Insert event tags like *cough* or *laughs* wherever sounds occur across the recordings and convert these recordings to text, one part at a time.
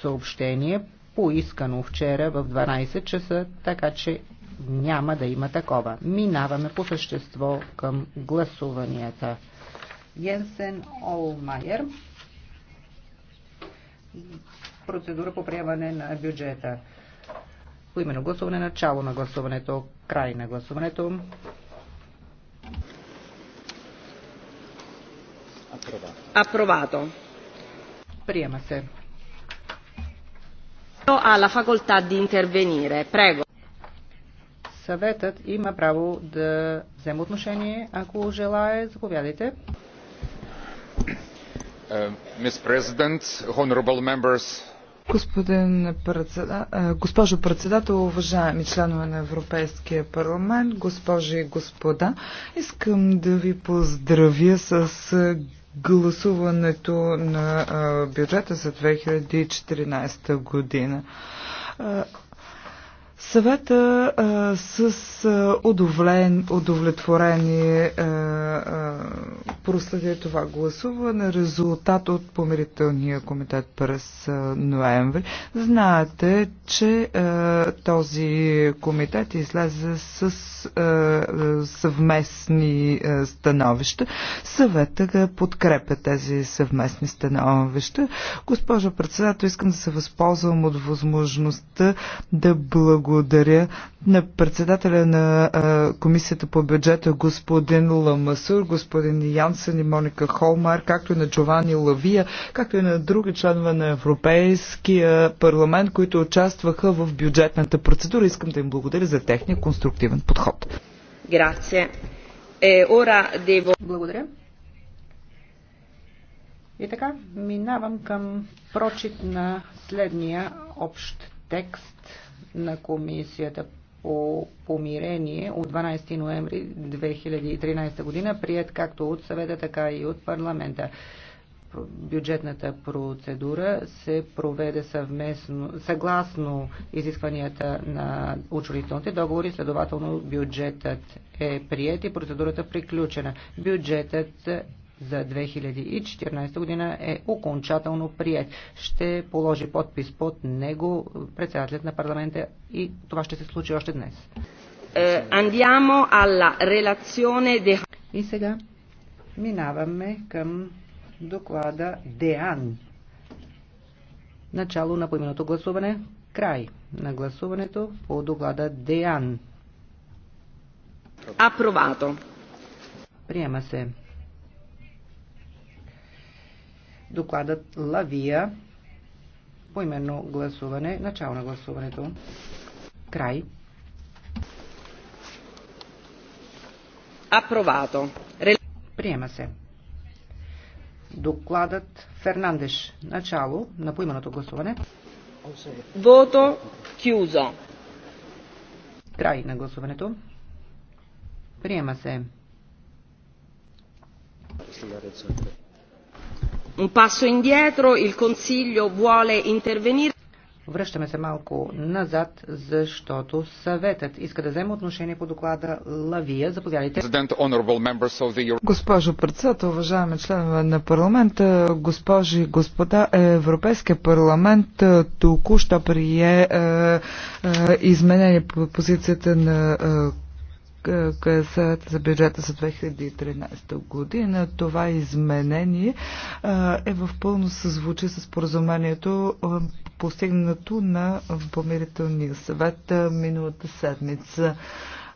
съобщение, поискано вчера в 12 часа, така че няма да има такова. Минаваме по същество към гласуванията. Йенсен Олмайер. Процедура по приемане на бюджета. По именно гласуване, начало на гласуването, край на гласуването. Апровато. Приема се. Съветът има право да вземе отношение, ако желае. Заповядайте. Е, Господин председател, госпожо председател, уважаеми членове на Европейския парламент, госпожи и господа, искам да ви поздравя с гласуването на бюджета за 2014 година. Съвета а, с удовлен, удовлетворение проследи това гласуване, резултат от помирителния комитет през а, ноември. Знаете, че а, този комитет излезе с а, съвместни а, становища. Съвета подкрепя тези съвместни становища. Госпожо председател, искам да се възползвам от възможността да благодаря благодаря на председателя на Комисията по бюджета господин Ламасур, господин Янсен и Моника Холмар, както и на Джовани Лавия, както и на други членове на Европейския парламент, които участваха в бюджетната процедура. Искам да им благодаря за техния конструктивен подход. Е, благодаря. И така, минавам към прочит на следния общ текст на Комисията по помирение от 12 ноември 2013 година, прият както от съвета, така и от парламента. Бюджетната процедура се проведе съвместно, съгласно изискванията на учредителните договори, следователно бюджетът е прият и процедурата приключена. Бюджетът за 2014 година е окончателно прият. Ще положи подпис под него председателят на парламента и това ще се случи още днес. Andiamo alla relazione de... И сега минаваме към доклада ДЕАН. Начало на поименото гласуване, край на гласуването по доклада ДЕАН. Апровато. Приема се докладът Лавия. Поименно гласуване. Начало на гласуването. Край. Апровато. Приема се. Докладът Фернандеш. Начало на поименото гласуване. Вото Кюзо. Край на гласуването. Приема се. Връщаме се малко назад, защото съветът иска да вземе отношение по доклада Лавия. Заповядайте. Госпожо председател, уважаеми членове на парламента, госпожи и господа, Европейския парламент е, току-що прие е, е, изменение по позицията на е, е, касаят за бюджета за 2013 година. Това изменение е, е в пълно съзвучи с поразумението е, постигнато на помирителния съвет миналата седмица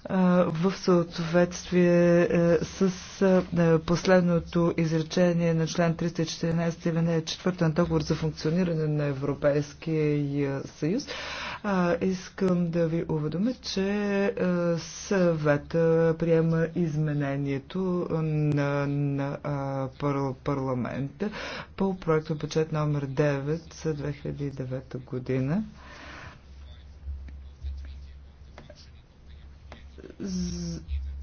в съответствие с последното изречение на член 314 или не 4 на договор за функциониране на Европейския съюз. Искам да ви уведомя, че съвета приема изменението на, на парламента по проекта бюджет номер 9 за 2009 година.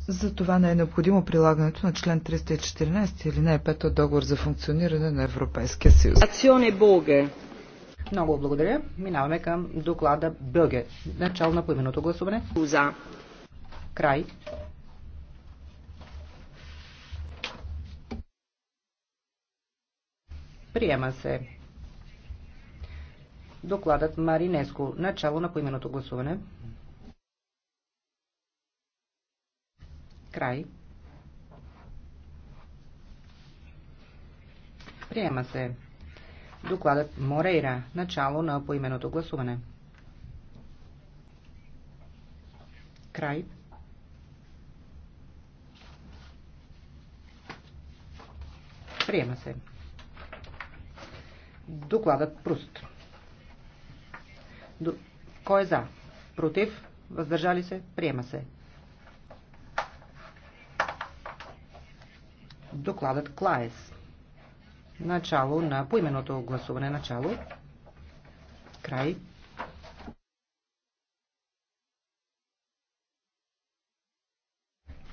За това не е необходимо прилагането на член 314 или не е от договор за функциониране на Европейския съюз. Много благодаря. Минаваме към доклада Бълге. Начало на поименото гласуване. За. Край. Приема се. Докладът Маринеско. Начало на поименото гласуване. Край. Приема се. Докладът Морейра. Начало на поименото гласуване. Край. Приема се. Докладът Пруст. До... Кой е за? Против? Въздържали се? Приема се. докладът Клаес. Начало на поименното гласуване. Начало. Край.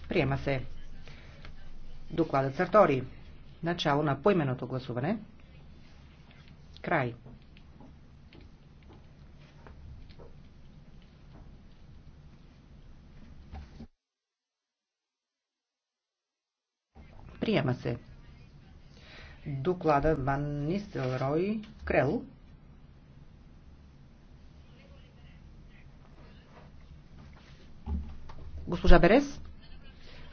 Приема се. Докладът Сартори. Начало на поименното гласуване. Край. Приема се. Доклада Ван Рой Крел. Госпожа Берес?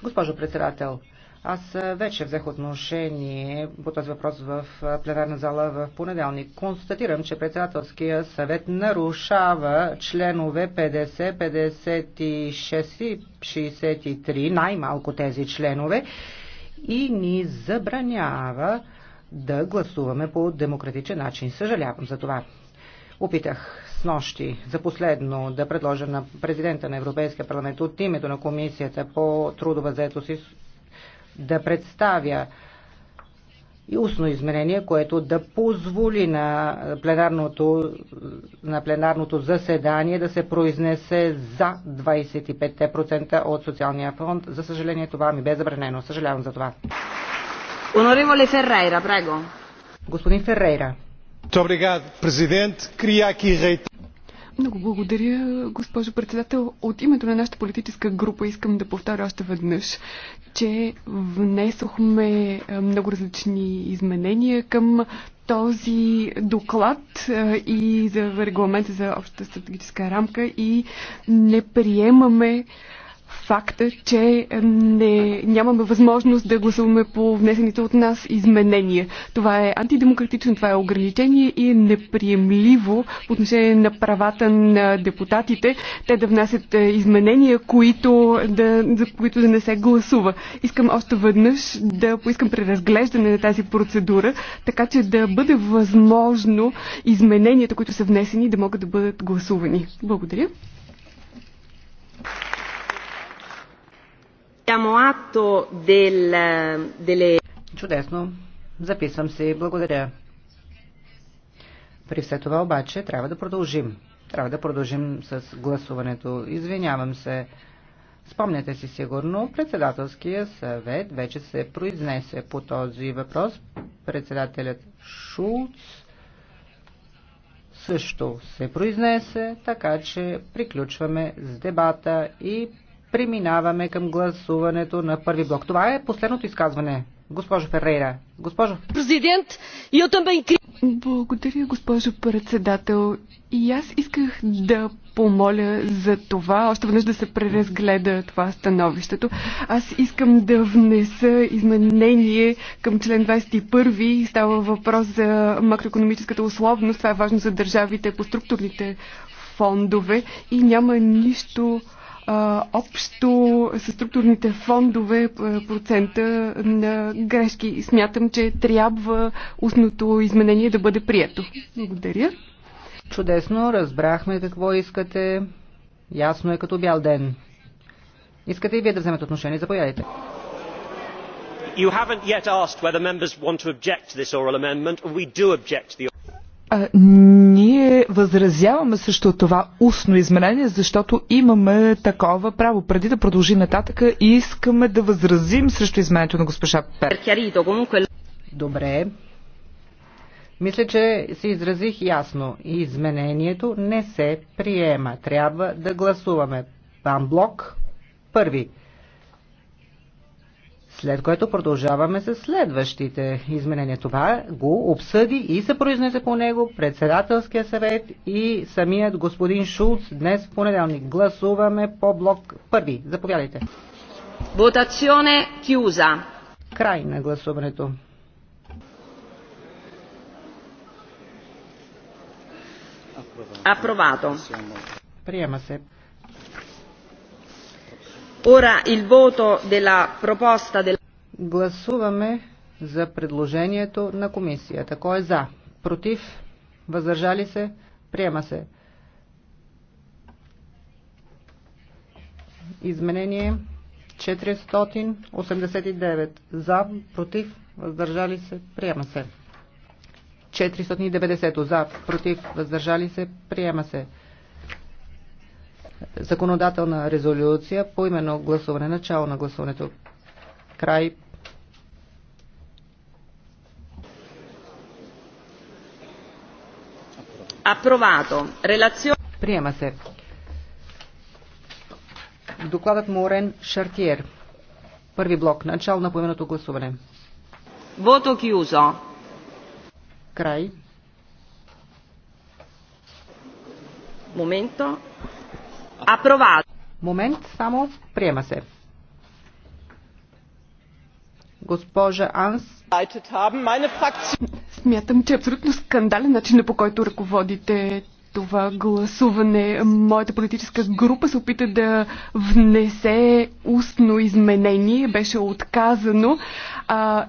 Госпожо председател, аз вече взех отношение по този въпрос в пленарна зала в понеделник. Констатирам, че председателския съвет нарушава членове 50, 56 и 63, най-малко тези членове, и ни забранява да гласуваме по демократичен начин. Съжалявам за това. Опитах с нощи за последно да предложа на президента на Европейския парламент от името на Комисията по трудова заетост да представя и устно изменение, което да позволи на пленарното, на пленарното заседание да се произнесе за 25% от социалния фонд. За съжаление това ми бе забранено. Съжалявам за това. Онореволе Феррейра, прего. Господин Феррейра. Добре, президент. Крияки рейт. Много благодаря, госпожо председател. От името на нашата политическа група искам да повторя още веднъж, че внесохме много различни изменения към този доклад и за регламент за общата стратегическа рамка и не приемаме факта, че не, нямаме възможност да гласуваме по внесените от нас изменения. Това е антидемократично, това е ограничение и е неприемливо по отношение на правата на депутатите, те да внасят е, изменения, които да, за които да не се гласува. Искам още веднъж да поискам преразглеждане на тази процедура, така че да бъде възможно измененията, които са внесени, да могат да бъдат гласувани. Благодаря. Чудесно. Записвам се. Благодаря. При все това обаче трябва да продължим. Трябва да продължим с гласуването. Извинявам се. Спомняте си сигурно, председателския съвет вече се произнесе по този въпрос. Председателят Шулц също се произнесе, така че приключваме с дебата и Преминаваме към гласуването на първи блок. Това е последното изказване. Госпожо Феррейра. Госпожо. Президент, я тъмбен... Благодаря, госпожо председател. И аз исках да помоля за това, още веднъж да се преразгледа това становището. Аз искам да внеса изменение към член 21. Става въпрос за макроекономическата условност. Това е важно за държавите по структурните фондове и няма нищо общо с структурните фондове процента на грешки. Смятам, че трябва устното изменение да бъде прието. Благодаря. Чудесно, разбрахме какво искате. Ясно е като бял ден. Искате и вие да вземете отношение, заповядайте. You haven't yet asked whether members want to object to this oral amendment. We do object to the а, ние възразяваме също това устно изменение, защото имаме такова право. Преди да продължи нататък, искаме да възразим срещу изменението на госпожа Пер. Добре. Мисля, че се изразих ясно. Изменението не се приема. Трябва да гласуваме. Пан Блок, първи. След което продължаваме с следващите изменения. Това го обсъди и се произнесе по него председателския съвет и самият господин Шулц днес в понеделник. Гласуваме по блок първи. Заповядайте. Votazione кюза. Край на гласуването. Апровато. Приема се. Гласуваме за предложението на комисията. Кой е за? Против? Въздържали се? Приема се. Изменение 489. За, против, въздържали се, приема се. 490 за, против, въздържали се, приема се законодателна резолюция по именно гласуване, начало на гласуването, край. Апровато. Релацион... Приема се. Докладът Морен Шартиер. Първи блок. Начало на поименното гласуване. Вото кюзо. Край. Моменто. Апровато. Момент, само приема се. Госпожа Анс. Смятам, че е абсолютно скандален начинът по който ръководите това гласуване. Моята политическа група се опита да внесе устно изменение. Беше отказано. А,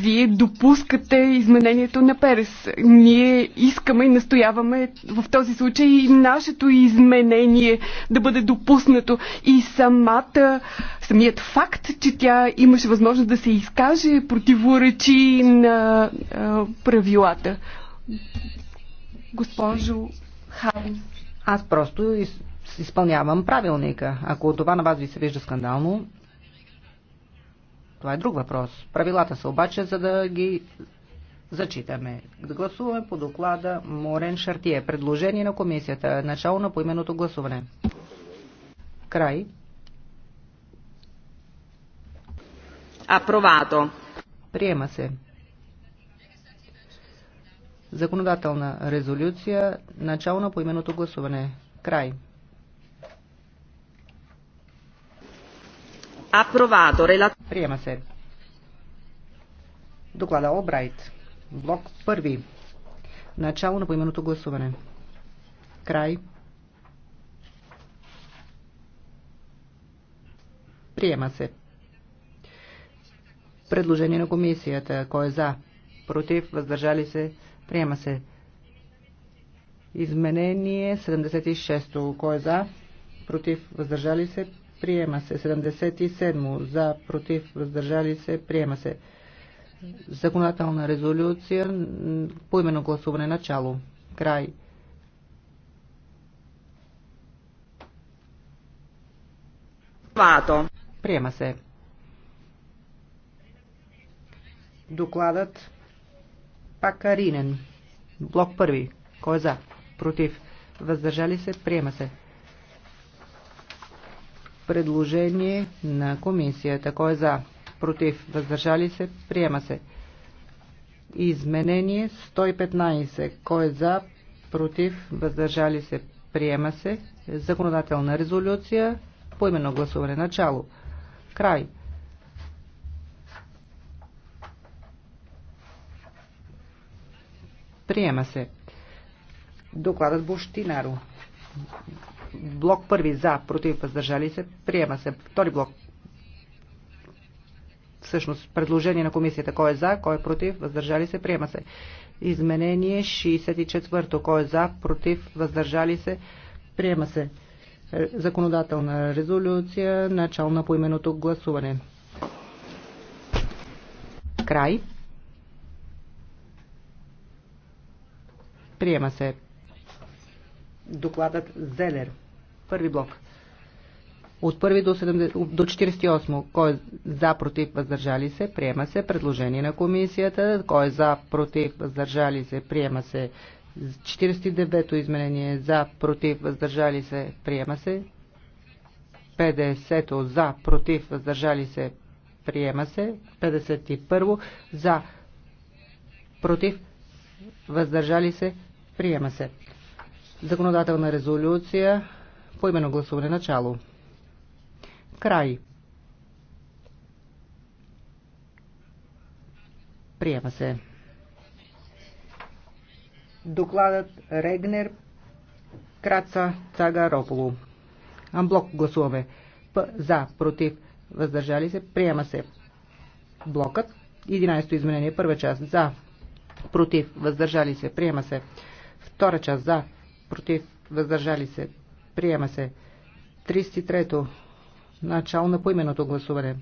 вие допускате изменението на Перес. Ние искаме и настояваме в този случай и нашето изменение да бъде допуснато. И самата, самият факт, че тя имаше възможност да се изкаже, противоречи на а, правилата. Госпожо Хан. Аз просто изпълнявам правилника. Ако това на вас ви се вижда скандално, това е друг въпрос. Правилата са обаче, за да ги зачитаме. Да гласуваме по доклада Морен Шартие. Предложение на комисията. Начало на поименното гласуване. Край. Апровато. Приема се. Законодателна резолюция. Начало на поименното гласуване. Край. Апровадо. Приема се. Доклада Обрайт. Блок първи. Начало на поименното гласуване. Край. Приема се. Предложение на комисията. Кой е за? Против? Въздържали се? Приема се. Изменение 76. Кой е за? Против? Въздържали се? приема се. 77 за, против, въздържали се, приема се. Законодателна резолюция, поименно гласуване, начало, край. Вато. Приема се. Докладът Пакаринен. Блок първи. Кой е за? Против. Въздържали се? Приема се предложение на комисията. Кой е за? Против? Въздържали се? Приема се. Изменение 115. Кой е за? Против? Въздържали се? Приема се. Законодателна резолюция. Поименно гласуване. Начало. Край. Приема се. Докладът Буштинаро. Блок първи за, против, въздържали се, приема се. Втори блок всъщност предложение на комисията. Кой е за, кой е против, въздържали се, приема се. Изменение 64-то. Кой е за, против, въздържали се, приема се. Е, законодателна резолюция, начало на поименото гласуване. Край. Приема се. Докладът Зелер. Първи блок. От първи до, 70, до 48. Кой е за, против, въздържали се, приема се. Предложение на комисията. Кой е за, против, въздържали се, приема се. 49-то изменение за, против, въздържали се, приема се. 50-то за, против, въздържали се, приема се. 51-во за, против, въздържали се, приема се. Законодателна резолюция. По гласуване начало. Край. Приема се. Докладът Регнер Краца Цагарополу. Амблок гласуваме. П, за, против, въздържали се, приема се. Блокът. 11-то изменение. Първа част. За, против, въздържали се, приема се. Втора част. За, против, въздържали се, Приема се. 33-то. Начало на поименното гласуване.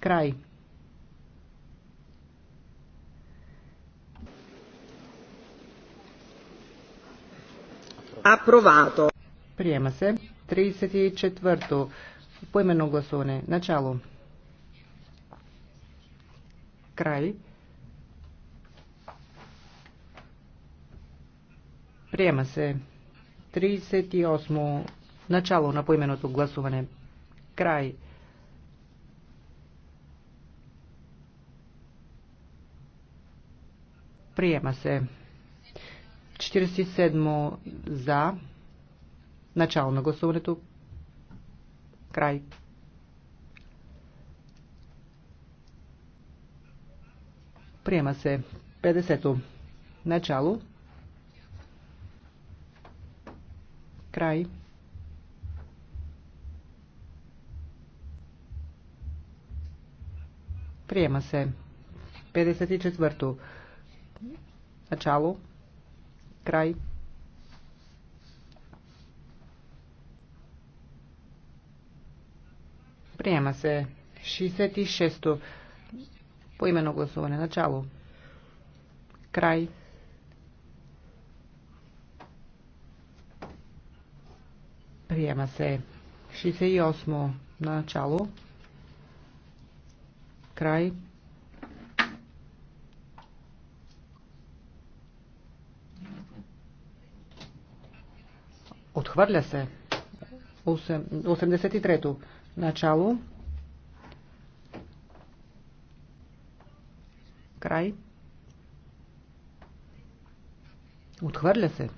Край. Апровато. Приема се. 34-то. Поименно гласуване. Начало. Край. Приема се. 38. Начало на поименото гласуване. Край. Приема се. 47 за. Начало на гласуването. Край. Приема се. 50. Начало. Край. Приема се. 54-то. Начало. Край. Приема се. 66-то. Поименно гласуване. Начало. Край. Приема се. 68 на начало. Край. Отхвърля се. 83-то. Начало. Край. Отхвърля се.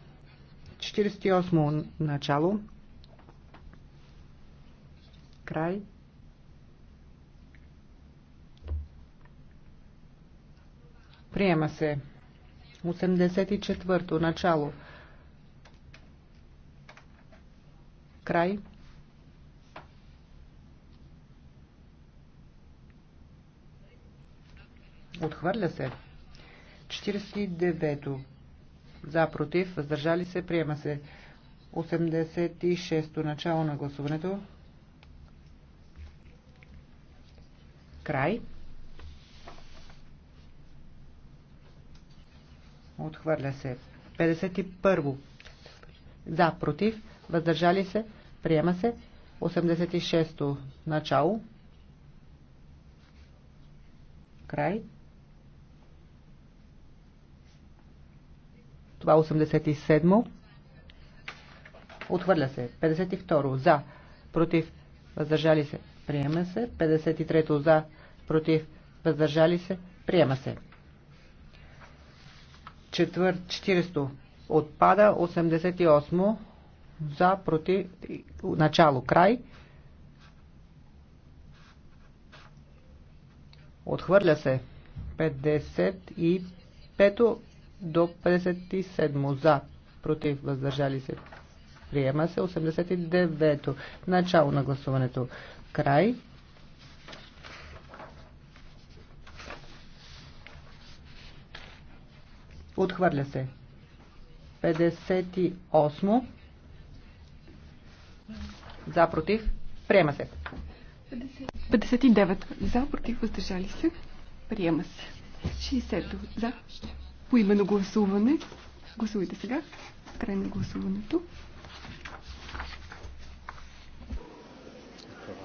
48-о начало. Край. Приема се. 84-то. Начало. Край. Отхвърля се. 49-то. За, против, въздържали се, приема се. 86-то начало на гласуването. Край. Отхвърля се. 51. За, против, въздържали се, приема се. 86-то начало. Край. Това 87-мо. Е Отхвърля се. 52-ро за, против, въздържали се, приема се. 53-то за, против, въздържали се, приема се. Четвър, 40 отпада, 88 за, против, начало, край. Отхвърля се 55 до 57 за, против, въздържали се. Приема се 89-то. Начало на гласуването. Край. Отхвърля се. 58. За, против. Приема се. 59. За, против, въздържали се. Приема се. 60. За. По именно гласуване. Гласувайте сега. Край на гласуването.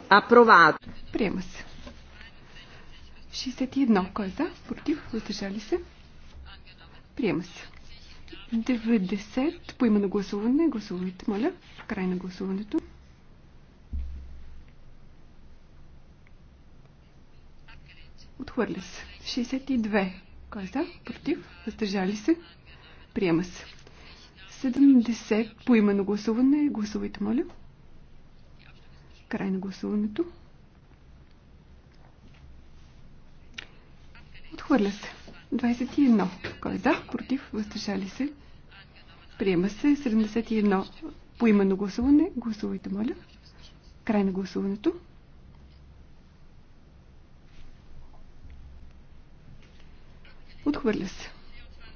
Апроват. Приема се. 61. Кой е за? Против? Въздържали се? Приема се. 90 по име на гласуване. Гласувайте, моля. Край на гласуването. Отхвърля се. 62. Кой е за? Против? Въздържали се? Приема се. 70 по име на гласуване. Гласувайте, моля. Край на гласуването. Отхвърля се. 21. Кой е за? Против? Въздържали се? Приема се. 71. Поименно гласуване. Гласувайте, моля. Край на гласуването. Отхвърля се.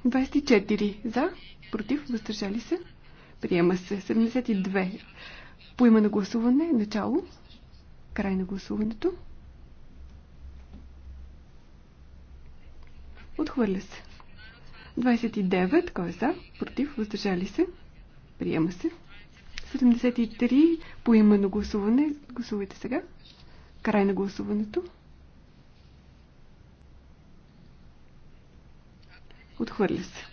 24. За? Против? Въздържали се? Приема се. 72. Поименно гласуване. Начало. Край на гласуването. Отхвърля се. 29. Кой е за? Против? Въздържали се? Приема се. 73. По именно гласуване. Гласувайте сега. Край на гласуването. Отхвърля се.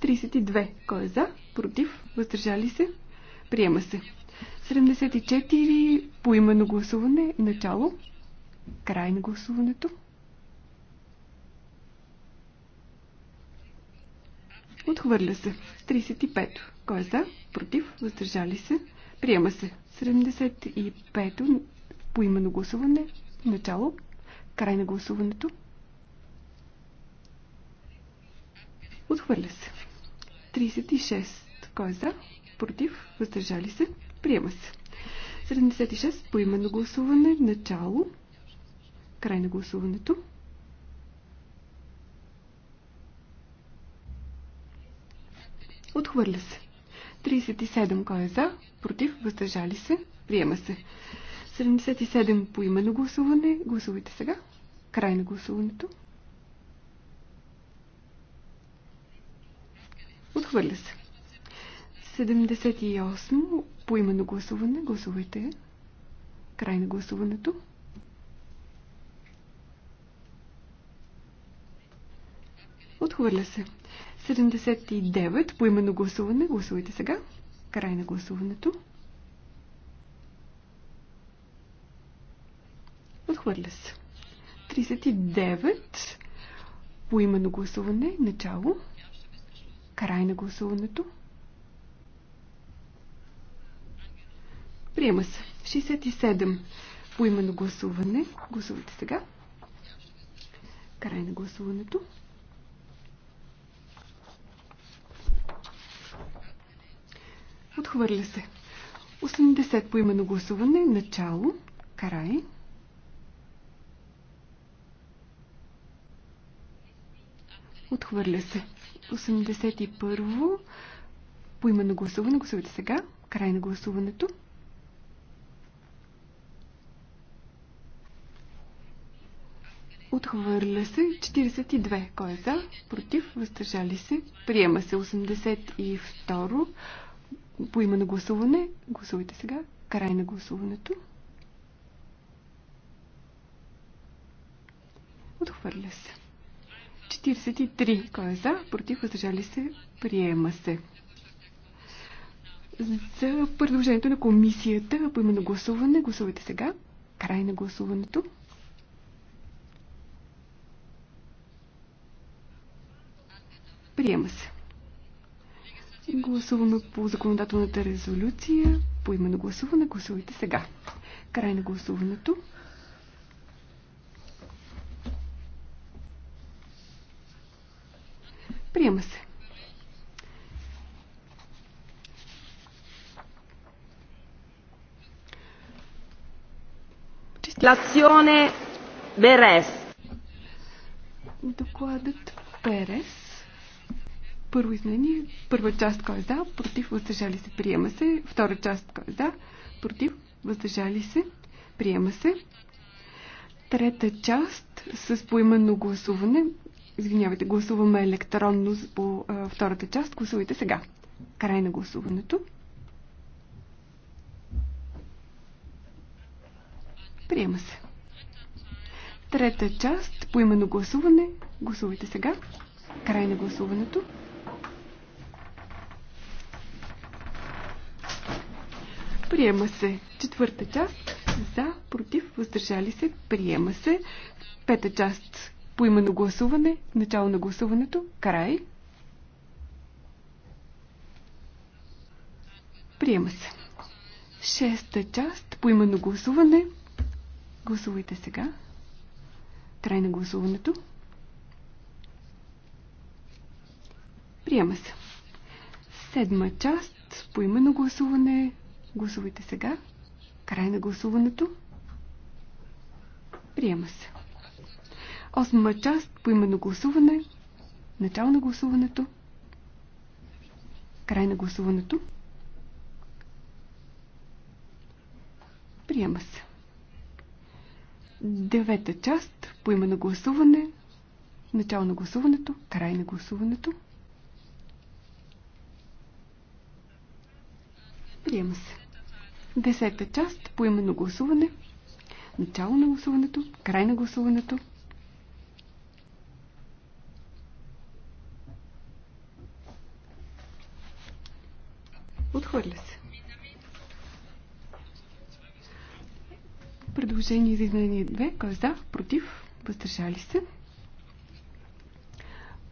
32. Кой е за? Против? Въздържали се? Приема се. 74. По именно гласуване. Начало. Край на гласуването. Отхвърля се. 35. Кой е за? Против? Въздържали се? Приема се. 75. Поименно гласуване. Начало. Край на гласуването. Отхвърля се. 36. Кой е за? Против? Въздържали се? Приема се. 76. Поименно гласуване. Начало. Край на гласуването. Отхвърля се. 37. Кой е за? Против? Въздържали се? Приема се. 77. По на гласуване. Гласувайте сега. Край на гласуването. Отхвърля се. 78. По на гласуване. Гласувайте. Край на гласуването. Отхвърля се. 79 по именно гласуване. Гласувайте сега. Край на гласуването. Отхвърля се. 39 по именно гласуване. Начало. Край на гласуването. Приема се. 67 по именно гласуване. Гласувайте сега. Край на гласуването. Отхвърля се. 80 по на гласуване. Начало. Карай. Отхвърля се. 81 по на гласуване. Гласувайте сега. Край на гласуването. Отхвърля се 42. Кой е за? Против? Въздържали се? Приема се 82. По име на гласуване. Гласувайте сега. Край на гласуването. Отхвърля се. 43. Кой е за? Против? Въздържали се? Приема се. За предложението на комисията по име на гласуване. Гласувайте сега. Край на гласуването. Приема се. Гласуваме по законодателната резолюция. По именно гласуване гласувайте сега. Край на гласуването. Приема се. L'azione Берес. Докладът Перес първо изменение, първа част кой е за, против, въздържали се, приема се. Втора част кой е за, против, въздържали се, приема се. Трета част с поименно гласуване. Извинявайте, гласуваме електронно по а, втората част. Гласувайте сега. Край на гласуването. Приема се. Трета част по именно гласуване. Гласувайте сега. Край на гласуването. Приема се. Четвърта част. За, против, въздържали се. Приема се. Пета част. Поименно гласуване. Начало на гласуването. Край. Приема се. Шеста част. Поименно гласуване. Гласувайте сега. Край на гласуването. Приема се. Седма част. Поименно гласуване. Гласувайте сега. Край на гласуването. Приема се. Осма част по именно гласуване. Начало на гласуването. Край на гласуването. Приема се. Девета част по именно гласуване. Начало на гласуването. Край на гласуването. Приема се. Десета част по именно гласуване. Начало на гласуването, край на гласуването. Отхвърля се. Предложение за изменение 2. Кой е за? Против? Въздържали се?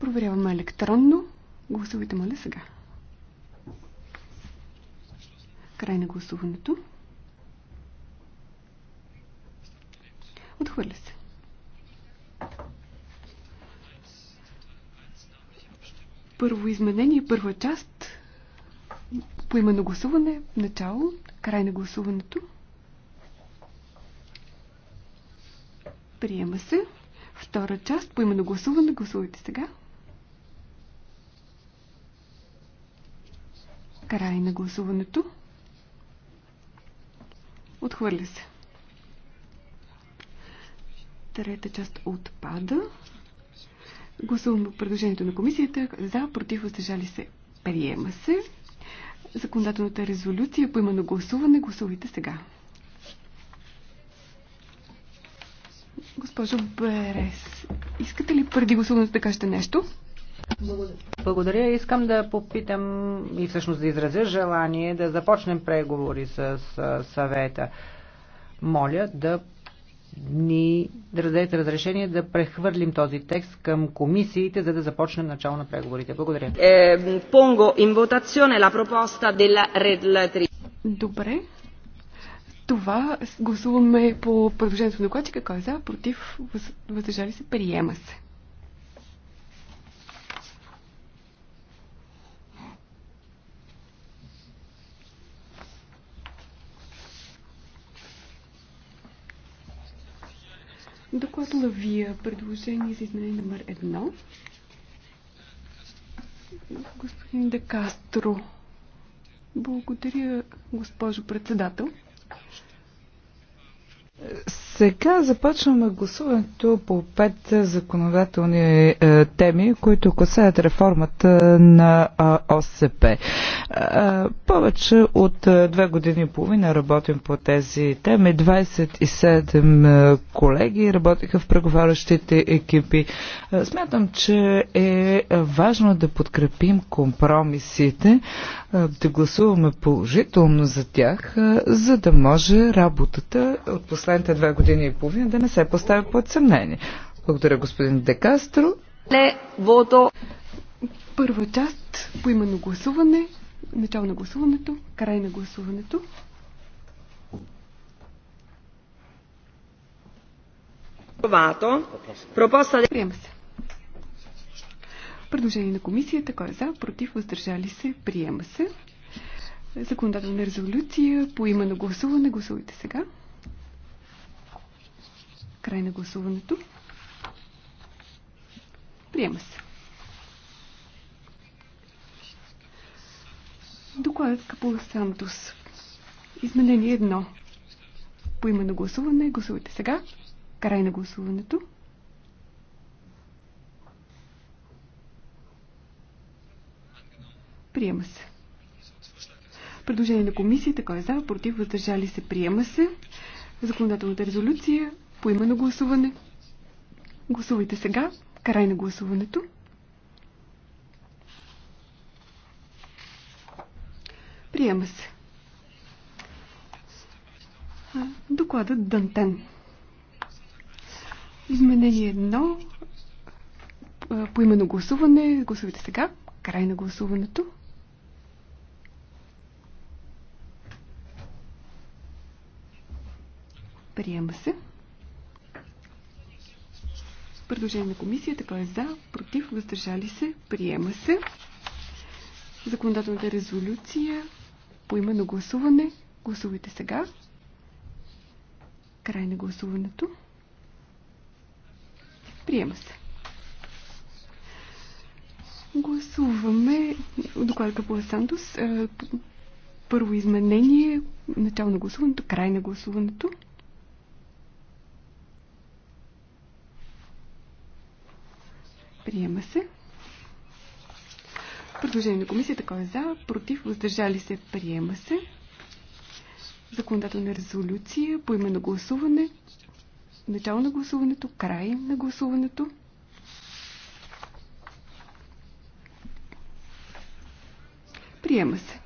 Проверяваме електронно. Гласувайте, моля, сега. Край на гласуването. Отхвърля се. Първо изменение, първа част. По име на гласуване, начало, край на гласуването. Приема се. Втора част, по име на гласуване, гласувайте сега. Край на гласуването. Отхвърля се. Трета част отпада. Гласувам предложението на комисията. За, против, въздържали се. Приема се. Законодателната резолюция по именно гласуване. Гласувайте сега. Госпожо Берес, искате ли преди гласуването да кажете нещо? Благодаря. Искам да попитам и всъщност да изразя желание да започнем преговори с съвета. Моля да ни да дадете разрешение да прехвърлим този текст към комисиите, за да започнем начало на преговорите. Благодаря. Е, понго in votazione la proposta della Добре. Това гласуваме по предложението на докладчика. Кой е за? Против? Въздържали се? Приема се. Доклад Лавия, предложение за изменение номер едно. Господин Декастро, благодаря, госпожо председател. Сега започваме гласуването по пет законодателни е, теми, които касаят реформата на а, ОСП. Е, повече от е, две години и половина работим по тези теми. 27 е, колеги работиха в преговарящите екипи. Е, смятам, че е важно да подкрепим компромисите, е, да гласуваме положително за тях, за да може работата от последните две години и половина да не се поставя под съмнение. Благодаря, господин Декастро. Не, вото. Първа част, по именно гласуване, начало на гласуването, край на гласуването. Провато. Пропоста... Приема се. Предложение на комисията, кой е за, против, въздържали се, приема се. Законодателна резолюция по на гласуване. Гласувайте сега. Край на гласуването. Приема се. Докладът Капула Сантус. Изменение едно. По име на гласуване. Гласувайте сега. Край на гласуването. Приема се. Предложение на комисията, кой е за, против, въздържали се, приема се. Законодателната резолюция по имено гласуване. Гласувайте сега. Край на гласуването. Приема се. Докладът Дантен. Изменение едно. По имено гласуване. Гласувайте сега. Край на гласуването. Приема се. Предложение на комисията, кой е за, против, въздържали се, приема се. Законодателната резолюция по име на гласуване. Гласувайте сега. Край на гласуването. Приема се. Гласуваме докладка по Сантос. Първо изменение, начало на гласуването, край на гласуването. Приема се. Предложение на комисията. Кой е за? Против? Въздържали се? Приема се. Законодателна резолюция. По име на гласуване. Начало на гласуването. Край на гласуването. Приема се.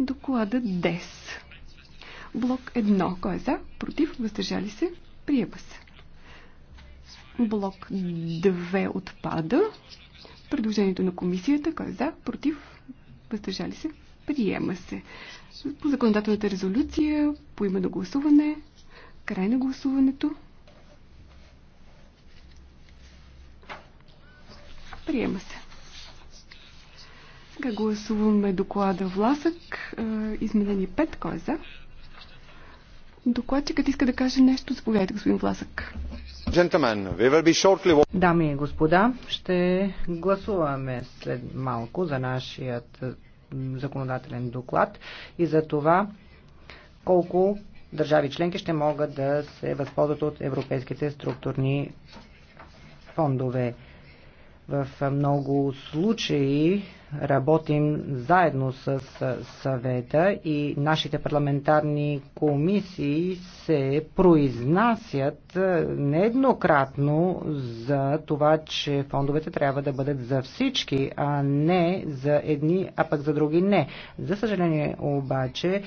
Доклада ДЕС. Блок 1. Кой е за? Против? Въздържали се? Приема се. Блок 2 отпада. Предложението на комисията, кой е за, против, въздържали се, приема се. По законодателната резолюция, по име на гласуване, край на гласуването. Приема се. Сега гласуваме доклада Власък, е, изменени 5, кой е за? Докладчикът иска да каже нещо. Заповядайте, господин Власък. Дами и господа, ще гласуваме след малко за нашият законодателен доклад и за това колко държави членки ще могат да се възползват от европейските структурни фондове. В много случаи работим заедно с съвета и нашите парламентарни комисии се произнасят нееднократно за това, че фондовете трябва да бъдат за всички, а не за едни, а пък за други не. За съжаление обаче,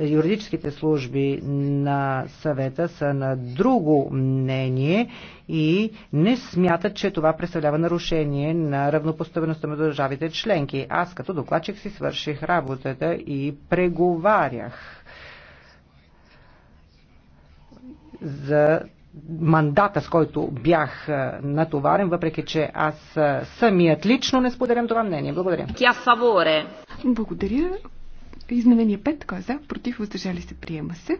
юридическите служби на съвета са на друго мнение и не смятат, че това представлява нарушение на равнопоставеността на държавите членки членки. Аз като докладчик си свърших работата и преговарях за мандата, с който бях натоварен, въпреки че аз самият лично не споделям това мнение. Благодаря. Тя фаворе. Благодаря. Изменение 5, кой е за, против, въздържали се, приема се.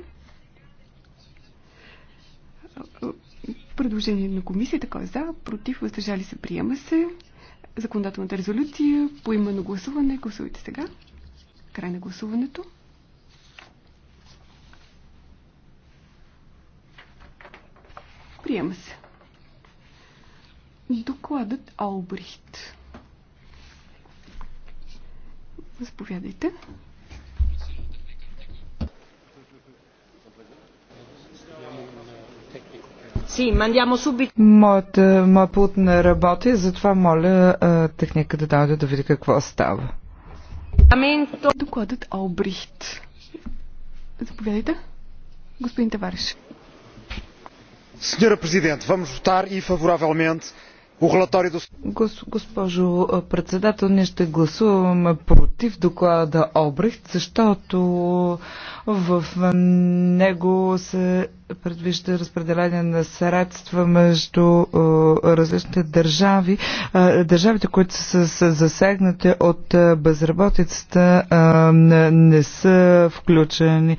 Предложение на комисията, кой е за, против, въздържали се, приема се законодателната резолюция по именно гласуване. Гласувайте сега. Край на гласуването. Приема се. Докладът Албрихт. Заповядайте. Моят, е, моят пулт не работи, е, затова моля е, техника да дойде да види какво става. Докладът Албрихт. Заповядайте. Господин Товариш. Сеньора президент, vamos жутар и фаворавелмент. Гос, госпожо председател, ние ще гласуваме против доклада Обрехт, защото в него се предвижда разпределение на средства между различните държави. Държавите, които са засегнати от безработицата, не са включени.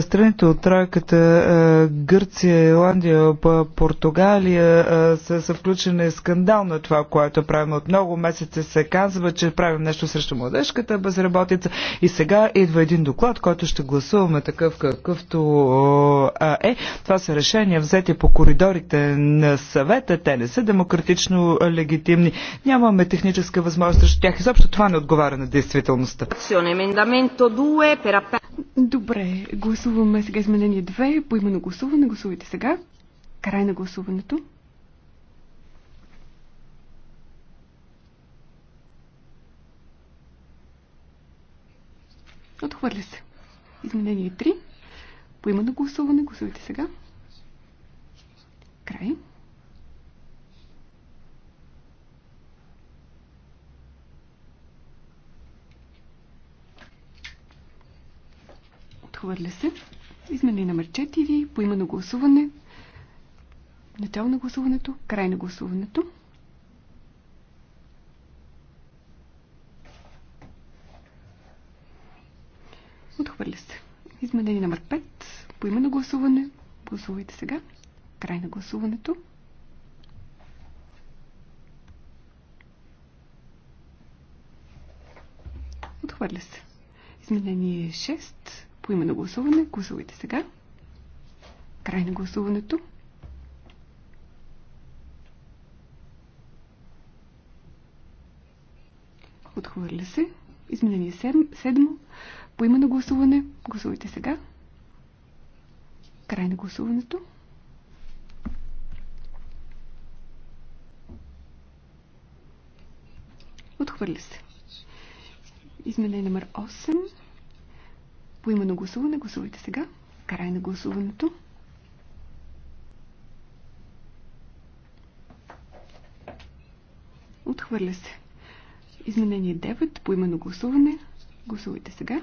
Страните от тройката Гърция, Ирландия, Португалия са включени с скандално това, което правим. От много месеца се казва, че правим нещо срещу младежката безработица и сега идва един доклад, който ще гласуваме такъв какъвто е. Това са решения взети по коридорите на съвета. Те не са демократично легитимни. Нямаме техническа възможност срещу тях. Изобщо това не отговаря на действителността. Добре, гласуваме сега изменение 2. По именно гласуване. Гласувайте сега. Край на гласуването. Отхвърля се. Изменение 3. Поима на гласуване. Гласувайте сега. Край. Отхвърля се. Изменение номер 4. Поима на гласуване. Начало на гласуването. Край на гласуването. Отхвърля се. Изменение номер 5. По име на гласуване. Гласувайте сега. Край на гласуването. Отхвърля се. Изменение 6. По име на гласуване. Гласувайте сега. Край на гласуването. Отхвърля се. Изменение 7. 7. на гласуване. Гласувайте сега. Край на гласуването. Отхвърля се. Изменение номер 8. на гласуване. Гласувайте сега. Край на гласуването. Отхвърля се. Изменение 9 по именно гласуване. Гласувайте сега.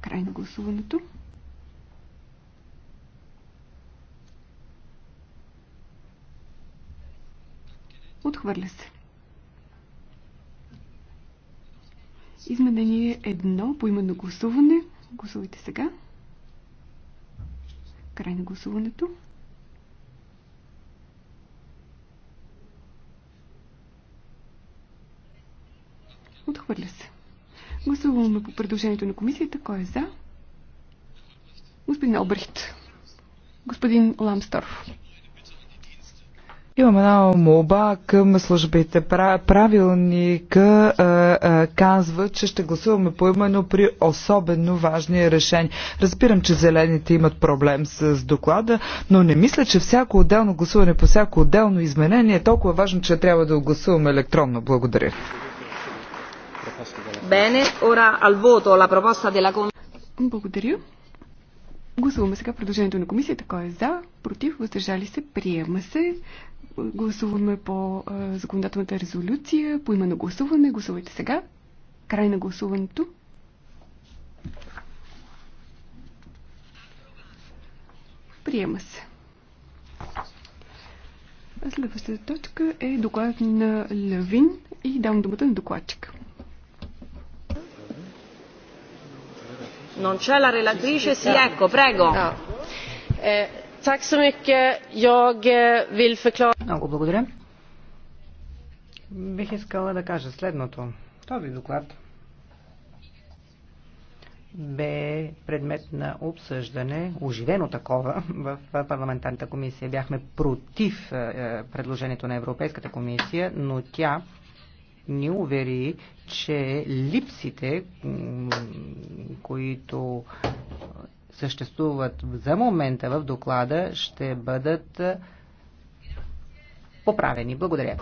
Край на гласуването. Отхвърля се. Изменение 1 по именно гласуване. Гласувайте сега. Край на гласуването. Отхвърля се. Гласуваме по предложението на комисията. Кой е за? Господин Обрит, Господин Ламсторф. Имам една молба към службите. Правилника а, а, казва, че ще гласуваме именно при особено важни решения. Разбирам, че зелените имат проблем с, с доклада, но не мисля, че всяко отделно гласуване по всяко отделно изменение е толкова важно, че трябва да го гласуваме електронно. Благодаря. Bene, ora al voto la proposta della Благодаря. Гласуваме сега предложението на комисията. Кой е за, против, въздържали се, приема се. Гласуваме по а, законодателната резолюция, по на гласуване. Гласувайте сега. Край на гласуването. Приема се. Следващата точка е доклад на Лавин и давам думата на докладчика. Eh, eh, Много благодаря. Бих искала да кажа следното. Този доклад бе предмет на обсъждане, оживено такова, *laughs* в парламентарната комисия. Бяхме против е, е, предложението на Европейската комисия, но тя ни увери, че липсите, които съществуват за момента в доклада, ще бъдат поправени. Благодаря.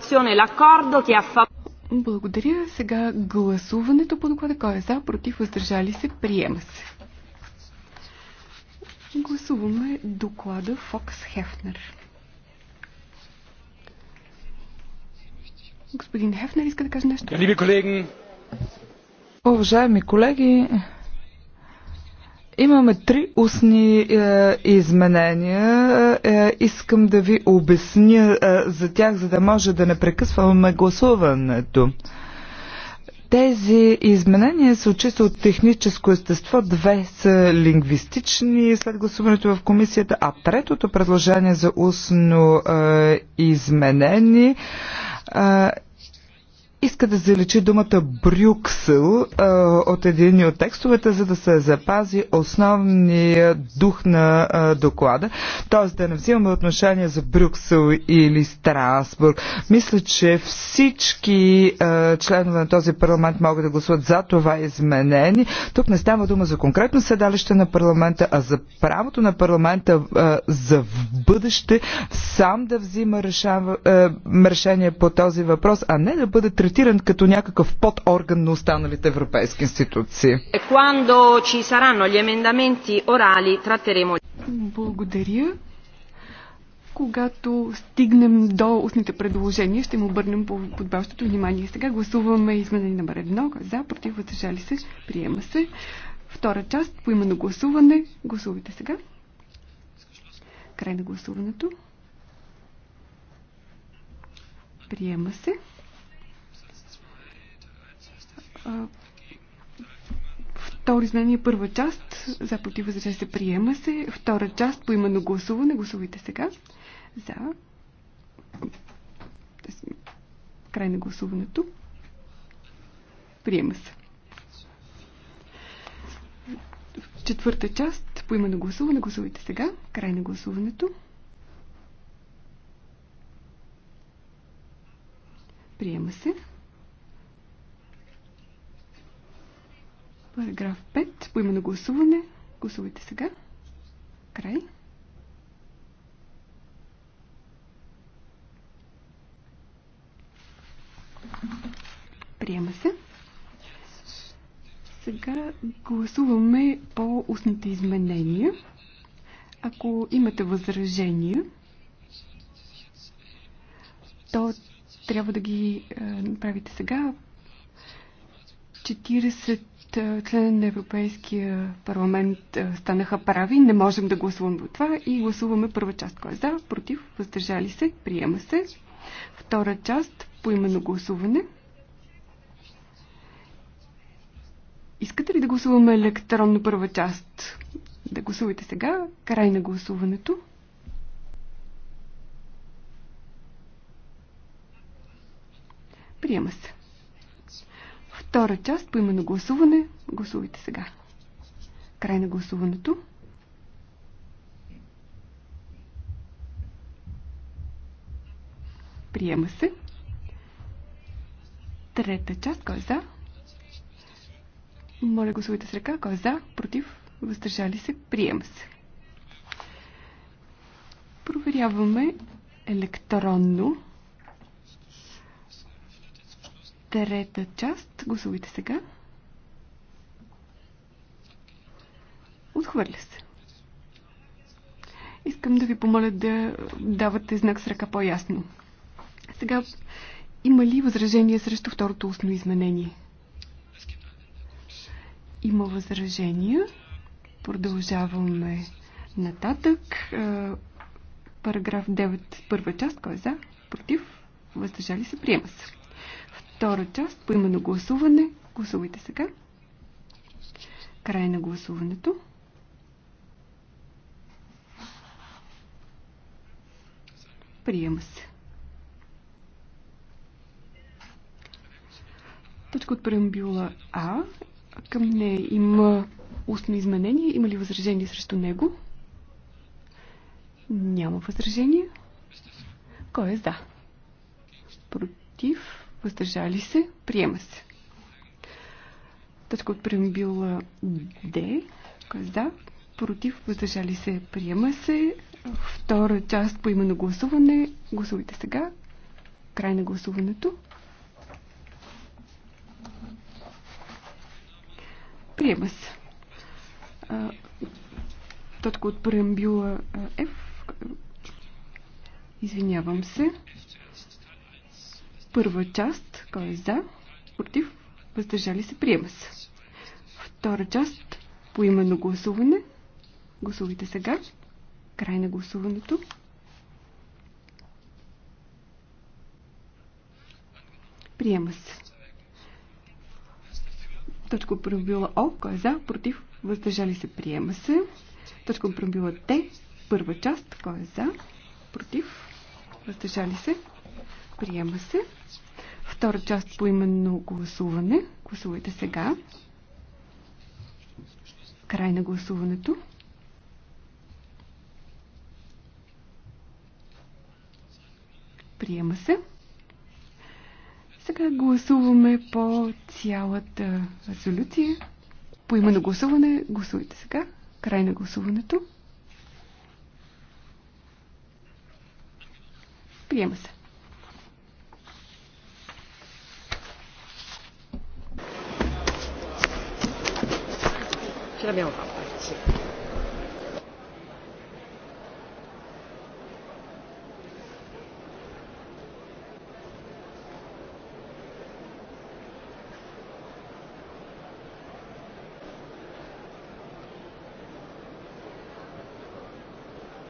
Благодаря. Сега гласуването по доклада. Кой е за, против, въздържали се, приема се. Гласуваме доклада Фокс Хефнер. Господин Хефнер иска да каже нещо. Либи колеги! Уважаеми колеги, Имаме три устни е, изменения. Е, искам да ви обясня е, за тях, за да може да не прекъсваме гласуването. Тези изменения са чисто от техническо естество, две са лингвистични след гласуването в комисията, а третото предложение за устно е, изменение а, иска да заличи думата Брюксел а, от един от текстовете, за да се запази основния дух на а, доклада, т.е. да не взимаме отношение за Брюксел или Страсбург. Мисля, че всички а, членове на този парламент могат да гласуват за това изменени. Тук не става дума за конкретно седалище на парламента, а за правото на парламента а, за в бъдеще сам да взима решава, а, решение по този въпрос, а не да бъде третиран като някакъв подорган на останалите европейски институции. Е, Благодаря. Когато стигнем до устните предложения, ще му обърнем по подбаващото внимание. Сега гласуваме изменение номер едно. Е за, против, въздържали се, приема се. Втора част, по поименно гласуване. Гласувайте сега. Край на гласуването. Приема се. Второ изменение, е първа част. За против въздържали се приема се. Втора част по именно гласуване. Гласувайте сега. За. Край на гласуването. Приема се. Четвърта част по именно гласуване. Гласувайте сега. Край на гласуването. Приема се. Параграф 5. По именно гласуване. Гласувайте сега. Край. Приема се. Сега гласуваме по устните изменения. Ако имате възражения, то трябва да ги е, направите сега. 40 е, член на Европейския парламент е, станаха прави. Не можем да гласуваме от това и гласуваме първа част. Кой е за, против, въздържали се, приема се. Втора част, по поименно гласуване. Искате ли да гласуваме електронно първа част? Да гласувате сега. Край на гласуването. Приема се. Втора част по именно гласуване. Гласувайте сега. Край на гласуването. Приема се. Трета част. Кой е за? Моля гласувайте с ръка. Кой е за? Против? Въздържали се? Приема се. Проверяваме електронно Трета част. Гласувайте сега. Отхвърля се. Искам да ви помоля да давате знак с ръка по-ясно. Сега, има ли възражение срещу второто устно изменение? Има възражения. Продължаваме нататък. Параграф 9, първа част. Кой е за? Против? Въздържали се? Приема се. Втора част, по именно гласуване. Гласувайте сега. Край на гласуването. Приема се. Точка от преамбюла А. Към нея има устно изменение. Има ли възражение срещу него? Няма възражение. Кой е за? Против? въздържали се, приема се. Точка от преамбюла Д, кой е против, въздържали се, приема се. Втора част по именно гласуване. Гласувайте сега. Край на гласуването. Приема се. Точка от преамбюла F. Извинявам се. Първа част, кой е за, против, въздържали се, приема се. Втора част, по именно гласуване. Гласувайте сега. Край на гласуването. Приема се. Точка пробила О, кой е за, против, въздържали се, приема се. Точка пробила Т, първа част, кой е за, против, въздържали се, приема се. Втора част по именно гласуване. Гласувайте сега. Край на гласуването. Приема се. Сега гласуваме по цялата резолюция. По именно гласуване гласувайте сега. Край на гласуването. Приема се. la abbiamo fatta.